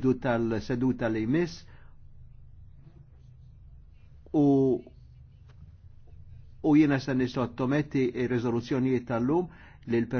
bidu tal-seduta li jmiss u u jiena se nisottometti ir-riżoluzzjonijiet tal-lum l